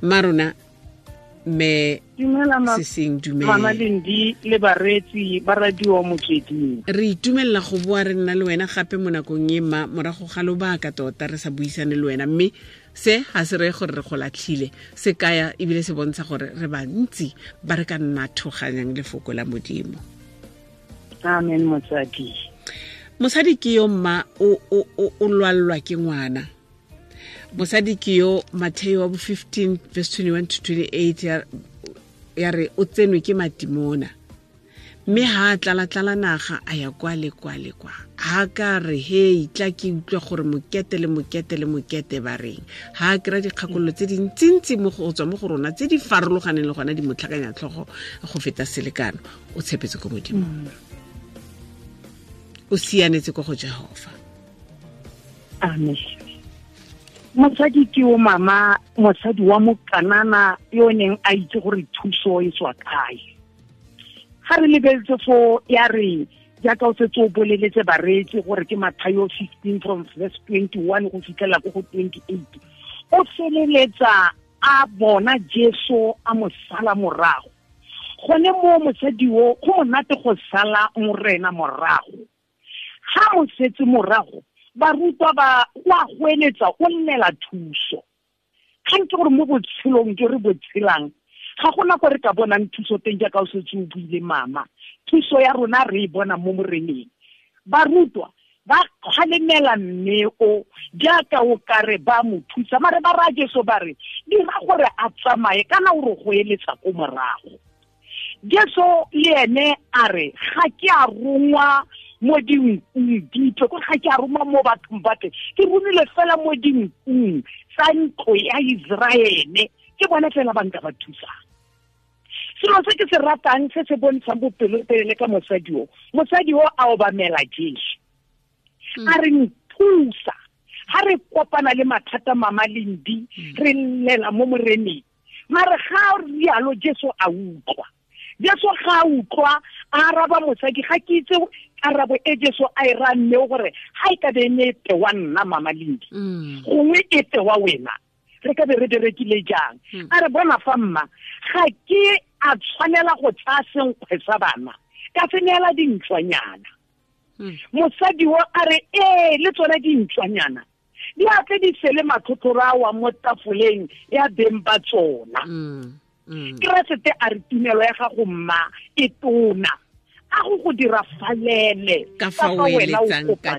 marona me seseng dumeledi le bareetsi ba radio motsweding re itumelela go bua re nna le wena gape mo nakong e ma morago ga lobaka tota re sa buisane le wena mme se ga se reye gore re go latlhile se kaya ebile se bontsha gore re bantsi ba re ka nna thoganyang lefoko la modimo amen motsadi mosadi ke yo mma o lwalelwa ke ngwana bosadi ke yo matheo wa bo 15 verse 21 to 28 ya re o tsenwe ke matimona mme ha a tlalatlala naga a ya kwa le kwa le kwa ha ka re hei tla ke utlwa gore mokete le mokete le mokete ba reng ha a kry-a dikgakololo tse dintsintsi go tswa mo go rona tse di farologaneng le gona di motlhakanya tlhogo go feta selekano o tshepetse ko modimo mm. o sianetse kwa go jehova amen motsadi ke o mama motsadi wa mokanana yo neng a itse gore thuso e tswa kae ga re lebeletse fo ya re jaaka o setse o boleletse bareetse gore ke mathayo fifteen from verse twenty-one go fitlhela ko go twenty-eight o feleletsa a bona jesu a mo sala morago gone mo mosadi o go monate go sala morena morago ga mosetse morago barutwa ba o a go eletsa o nnela thuso kgang ke gore mo botshelong jo re botshelang ga go nako re ka bonang thuso teng jaaka o setse o buile mama thuso ya rona re e bona mo moreneng barutwa ba kgalemela mmeo jaaka o kare ba mo thusa mare ba raya jeso ba re dira gore a tsamaye kana o re go eletsa ko morago jeso le ene a re ga ke a rongwa mo dinkung ditho ko ga ke a roma mo bathong ba teng ke romile fela mo dinkung tsa ntlo ya iseraele ke bona fela ba nka ba thusang selo se ke se ratang se se bontshang bopelotelele ka mosadi o mosadi o a obamela jesu hmm. a re nthusa ha re kopana le mathata mama lendi hmm. re llela mo moreneng mare ga rialo jesu a utlwa jesu ga a utlwa a araba mosadi ga ke itse karabo e jeso a e ranne gore ga e ka bene e tewa nna mamaledi mm. gongwe e tewa wena re ka be re direkile jang mm. a re bona fa mma ga ke a tshwanela go tsaya senkgwe sa bana ka tseneela dintshwanyana mm. mosadi o a re ee le tsone dintshwanyana di a tle di sele mathotlhoro a mo tafoleng ya beng ba tsona keresete a re tumelo ya gago mma e tona mm a go go dira falele ka fa wena o ka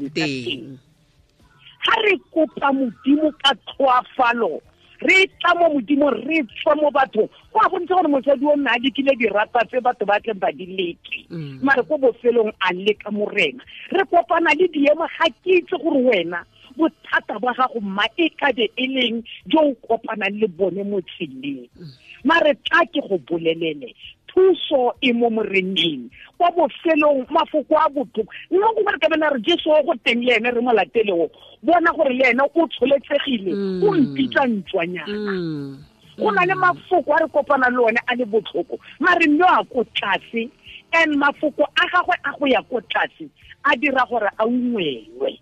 ha re kopa modimo ka tlhoafalo re tla mo modimo re tswa mo batho go a go ntse gore mosadi o nna a lekile dirata tse batho ba tleng ba di leke mm. mare ko bofelong a leka morena re kopana le diemo ga ke itse gore wena bothata ba gago ma e kabe e leng jo o kopanang le bone mo tseleng mm. mare tla ke go bolelele thuso e mo moreneng kwa bofelong mafoko a botlhoko nna ko gore kabela re jeso go teng le ene re molateleo bona gore le ene o tsholetsegile mm. o mpitsa ntswanyana mm. go na le mafoko a re kopana le one a le botlhoko mare mme a ko tlase and mafoko a gagwe a go ya ko tlase a dira gore a ungwelwe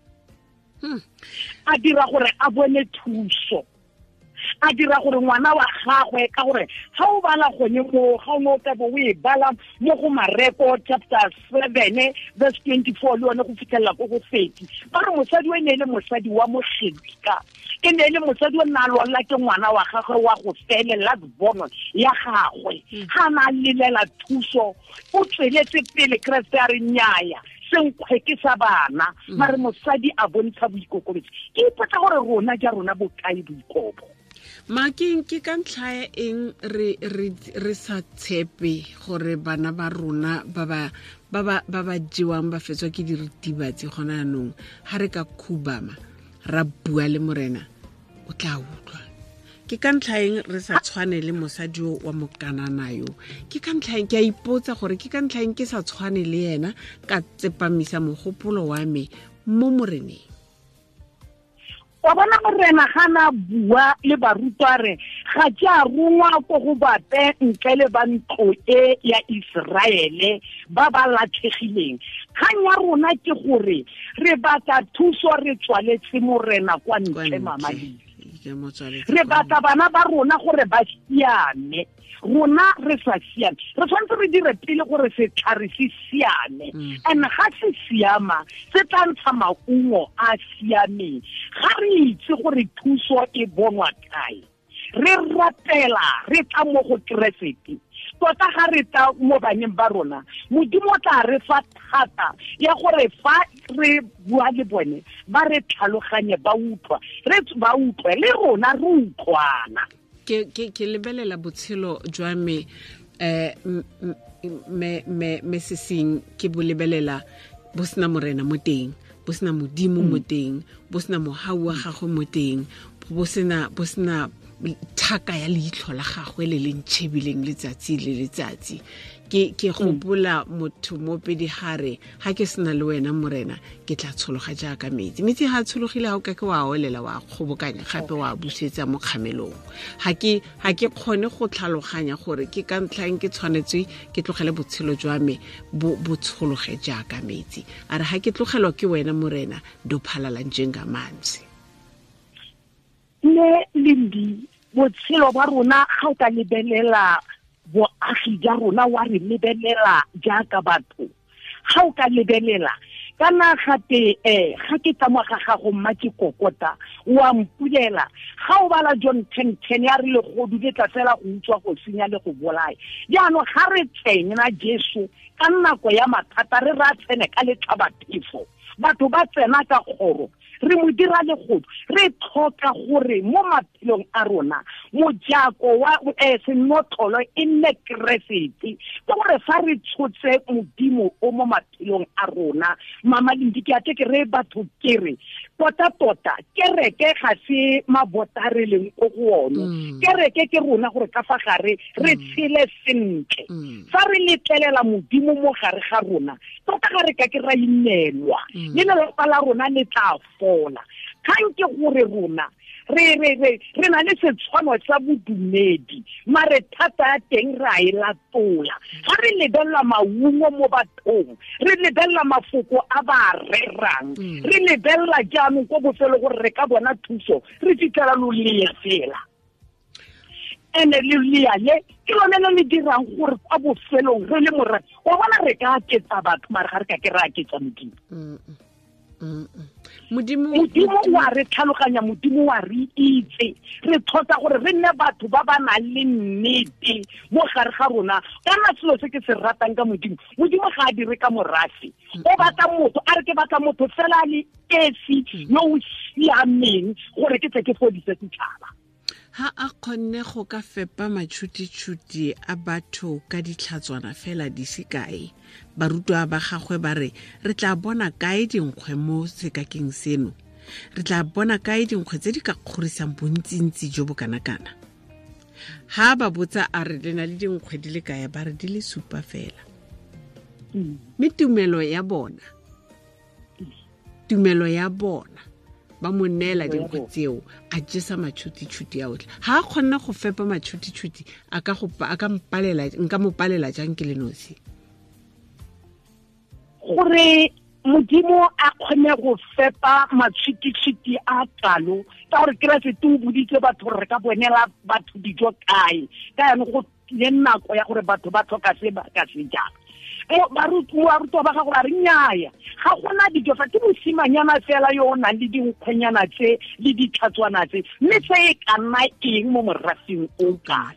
hmm. a dira gore a bone thuso a dira gore ngwana wa gagwe ka gore ga o bala gone mo ga o ne o tabo o e bala mo go mareko chapter seven verse twenty four le yone go fitlhelela ko go thirty ba re mosadi o e ne e le mosadi wa moshedika e ne e le mosadi o nna a lwalla ke ngwana wa gagwe wa go fele lasbono ya gagwe hmm. ga a na a lelela thuso o tsweletse pele keresete a re nnyaya senkgwe ke sa bana hmm. mare mosadi a bontsha boikokobetsi ke ipotsa gore rona ja rona bokae boikobo makeng ke ka ntlha ya eng re re re sa tshepe gore bana ba rona ba ba ba ba ba ba jewang ba fetswa ke diritibatsi gona yanong ha re ka khubama ra bua le morena o tla utlwa ke ka ntlha eng re sa tshwane le mosadi yo wa mokanana yo ke ka ntlha eng ke a ipotsa gore ke ka ntlha eng ke sa tshwane le yena ka tsepamisa mogopolo wa me mo moreneng wa bona morena ga na bua le barutware ga ke a rongwa ko go bape ntle le ba ntlo e ya iseraele ba ba latlhegileng kgang ya rona ke gore re batla thuso re tswaletse morena kwa ntle mamadile re batla bana ba rona gore ba siame rona re sa siame re tshwanetse re dire pele gore setlhare se siame mm. and ga se siama se tla ntsha maungo a siameng ga re itse gore thuso e bonwa kae re rapela re tla mo go keresete tota ga re tla mo baneng ba rona modimo tla re fa thata ya gore fa re bua le bone ba re tlhaloganye ba utlwa re ba utlwe le rona re utlwana ke ke ke lebelela botshelo jwa me eh me me me se seng ke bo lebelela bo sna morena mo teng bo sna modimo mm. mo teng bo sna mohau wa gago mo teng bo sna bo sna thaka ya leitlho la gagwe le le ntšhebileng letsatsi le letsatsi ke ke mm. gopola motho mo pedi gare ga ke sena le wena morena ke tla tshologa jaaka metsi metsi ga a tshologile ga o kake wa olela wa kgobokanya gape wa busetsa mo kgamelong ga ke kgone go tlhaloganya gore ke ka ntlhang ke tshwanetse ke tlogele botshelo jwa me bo tshologe jaaka metsi a re ga ke tlogelwa ke wena morena dophalala njengamanzi le lendi botshelo ba rona ga o ka lebelela boagi ja rona wa re lebelela jaaka batho ga o ka lebelela kana te eh ga ke tsamwa gago mma ke kokota wa mpulela ga o bala john ten ten ya re legodu le tla fela go utswa go senya le go bolae jaanong ga re tsena jesu ka nako ya mathata re ra tsene ka letlhabaphefo batho ba tsena ka kgoro re mo dira legodu re tlhoka gore mo maphelong a rona mojako wa eh, senotlolo e nne keresete ke gore fa re tshotse modimo o mo maphelong a rona mama lendi ke ate ke re batho kere tota-tota kereke ga se mabota re leng ko go one kereke mm. ke rona gore ka fa gare re mm. tshele sentle mm. fa re letlelela modimo mo gare ga rona tota ga re ka ke ra inelwa le lelapa la rona le tla fola kgang gore rona re re re re na le setshwano sa bodumedi mare thata ya teng re a e latola ga re lebelela maungo mo bathong re lebelela mafoko a ba rerang mm. re lebelela jaanong ko bofelo gore re ka bona thuso re fitlhela lolea fela ene lolea le ke lone le le dirang gore kwa bofelong re le morati wa bona re ka aketsa batho mare ga re ka ke re aketsa modimo mm, mm, modimo wa re tlhaloganya modimo wa re itse re thotsa gore re nne batho ba ba nang le nnete mo gare ga rona kana selo se ke se ratang ka modimo modimo ga a dire ka morafe o batla motho a re ke batla motho fela le esi yo o siameng gore ke tse ke fodise setšhaba ha a kgonne go ka fepa matšhutitšhuti a batho ka ditlhatswana fela di se kae barutwa ba gagwe ba re re tla bona kae dinkgwe mo sekakeng seno re tla bona kae dinkgwe tse di ka kgorisang bontsintsi jo bo kana-kana ha ba botsa a re le na le dinkgwe di le kae ba re di le supa fela mm. mme tumelo ya bona tumelo ya bona ba mo neela dinkgo tseo a jesa matšhutitšhuti a otlhe ga a kgonne go fepa matšhutitšhuti a ka nka mo palela jang ke lenosi gore modimo a kgone go fepa matšhititšhiti a talo ka gore keresete o boditse batho re ka bonela batho dijo kae ka yanong go le nako ya gore batho ba tlhoka se ba ka se jang barutwa ba gago ba re nyaya ga gona dijo fa ke mosimanyana fela yo o nang le dinkgwenyana tse le ditlhatswana tse mme se e ka nna eng mo morafeng o kana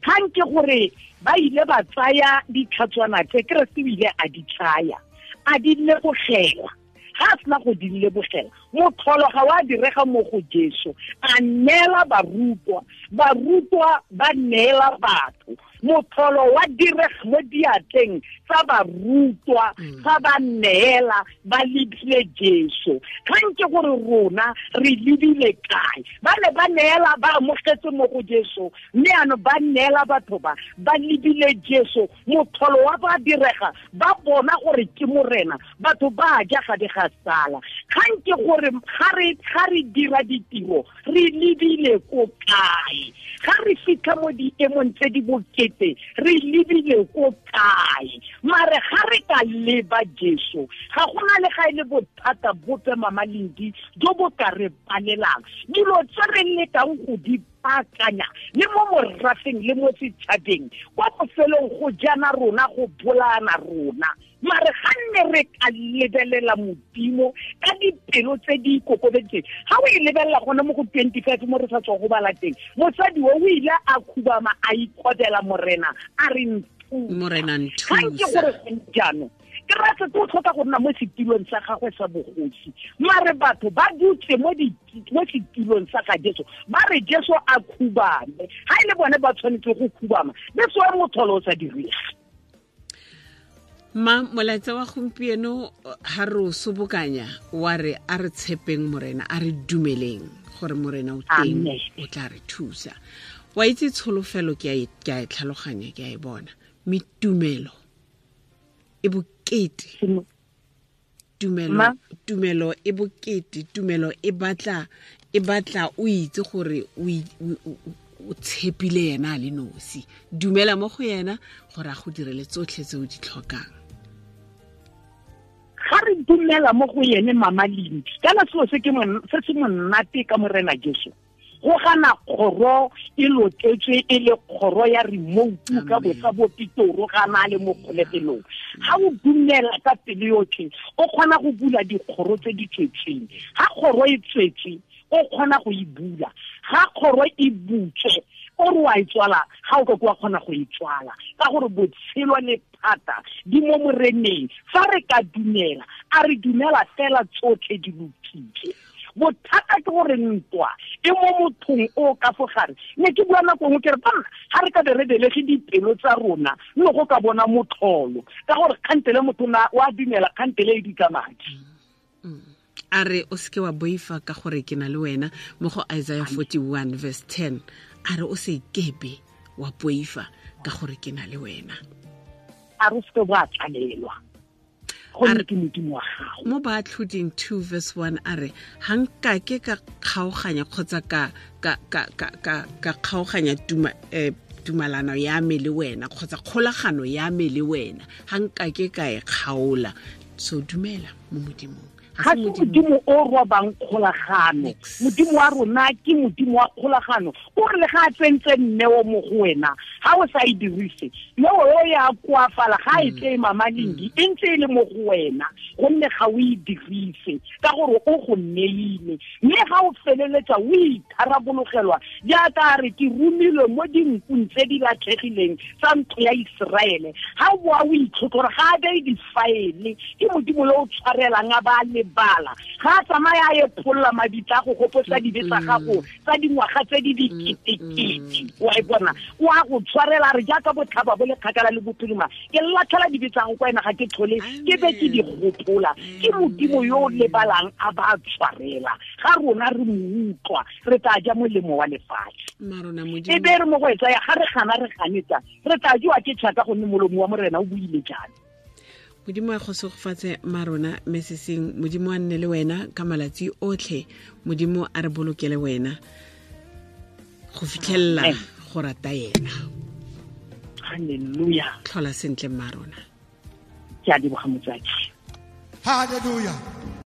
kgang ke gore ba ile ba tsaya ditlhatswana tse keresete o ile a di tsaya a di lebogela ga a sena go di lebogela motlhologa ga wa direga mo go jesu a neela barutwa barutwa ba neela batho gago motholo wa direg mo diatleng tsa barutwa mm. tsa ba neela ba lebile jesu kgang ke gore rona re lebile kae ba ne ba neela ba amogetse mo go jesu mme ano ba neela batho ba ba lebile jesu motholo wa ba direga ba bona gore ke morena batho ba ja ga di ga sala kgang ke gore ga re dira ditiro re lebile ko kae ga re fitlha mo diemong tse di bo mokete re lebile ko kae mare ga re ka leba jesu ga gona le ga e le bothata bope mamaledi jo bo ka re balelang dilo tse re lekang go di akanya le mo morafeng le mo setšhabeng kwa bofelong go jana rona go bolana rona mare ga nne re ka lebelela modimo ka dipelo tse di ikokobetseng ga o e lebelela gone mo go twenty five mo re sa tswa go bala teng mosadi o o ile a khubama a ikobela morena a re nthusa ga nke gore jaanong ke ratse o tlhoka go nna mo setilong sa gagwe sa bogosi mare batho ba dutse mo setilong sa ga jeso ba re jeso a khubame ga e le bone ba tshwanetse go khubama that's why motholo o sa direga ma molaetsa wa gompieno ga re o sobokanya wa re a re tshepeng morena a re dumeleng gore morena o teng o tla re thusa wa itse tsholofelo ke a e, e tlhaloganya ke a e bona metumelo e bokete tumelo tumelo e bokete tumelo e batla e batla o itse gore o tshepile yena a le nosi dumela mo go yena gore a go direle tsotlhe tse o di tlhokang ga re dumela mo go yene mama lendi kana seo se se monate ka morena jesu go gana kgoro e loketswe e le kgoro ya remote ka botsa bopitoro gana le mo kgolegelong ga o dumela ka pele yotlhe o kgona go bula dikgoro tse di tswetseng ga kgoro e tswetse o kgona go e bula ga kgoro e butswe o re wa e tswala ga o ka kwa kgona go e tswala ka gore botshelo le phata di mo moreneng fa re ka dumela a re dumela fela tsotlhe di lokile bothata ke gore ntwa e mo mothong o ka fogare ne ke bua nako ngwe ke re banna ga re ka be re belege dipelo tsa rona nne go ka bona motlholo ka gore kgantele motho wa dumela kgantele e dika madi a re o seke wa boifa ka gore ke na le wena mo go isaiah 41 verse 10 a re o se ikebe wa poifa ka gore ke na le wena a re o seke wa tlalelwa gonne ke modimo wa gago mo baatlhoding two verse one a re ga nka ke ka kgaoganya kgotsa ka kgaoganya eh, tumalano ya me le wena kgotsa kgolagano ya me le wena ga nka ke ka e kgaola so dumela mo modimong ga se modimo o robang kgolagano modimo wa rona ke modimo wa kgolagano o re le ga a tsentse nneo mo go wena ga o sa e dirise neo yo ya koafala ga e mm. tle e mamaledi mm. e ntse e le mo go wena gonne ga o e dirise ka gore o go neile mme ga o feleletsa o itharabologelwa jaaka a re ke romilwe mo dinkung tse di latlhegileng tsa ntlo ya iseraele ga boa o itlhotlhore ga a bee difaele ke modimo yo o tshwarelang a ba le bala ga a tsamaya a epholola mabitla a go gopotsa dibe tsa gago tsa dingwaga tse di diketekete wa e bona o a go tshwarela re jaaka botlhaba bo lekgakala le bophirima ke llatlhela dibe tsago kwa ena ga ke tlhole ke be ke di gopola ke modimo yo o lebalang a ba tshwarela ga rona re moutlwa re tla ja molemo wa lefatshe e be re mo go e ga re gana re ganetsa re tla jewa ke tšhata gonne molomo wa morena o buile jalo modimo a kgosogfatse marona meseseng modimo a nne le wena ka malatsi otlhe modimo a re bolokele wena go fitlhelela go rata yena tlhola sentle mmarona ke a leboga motsadi halleluya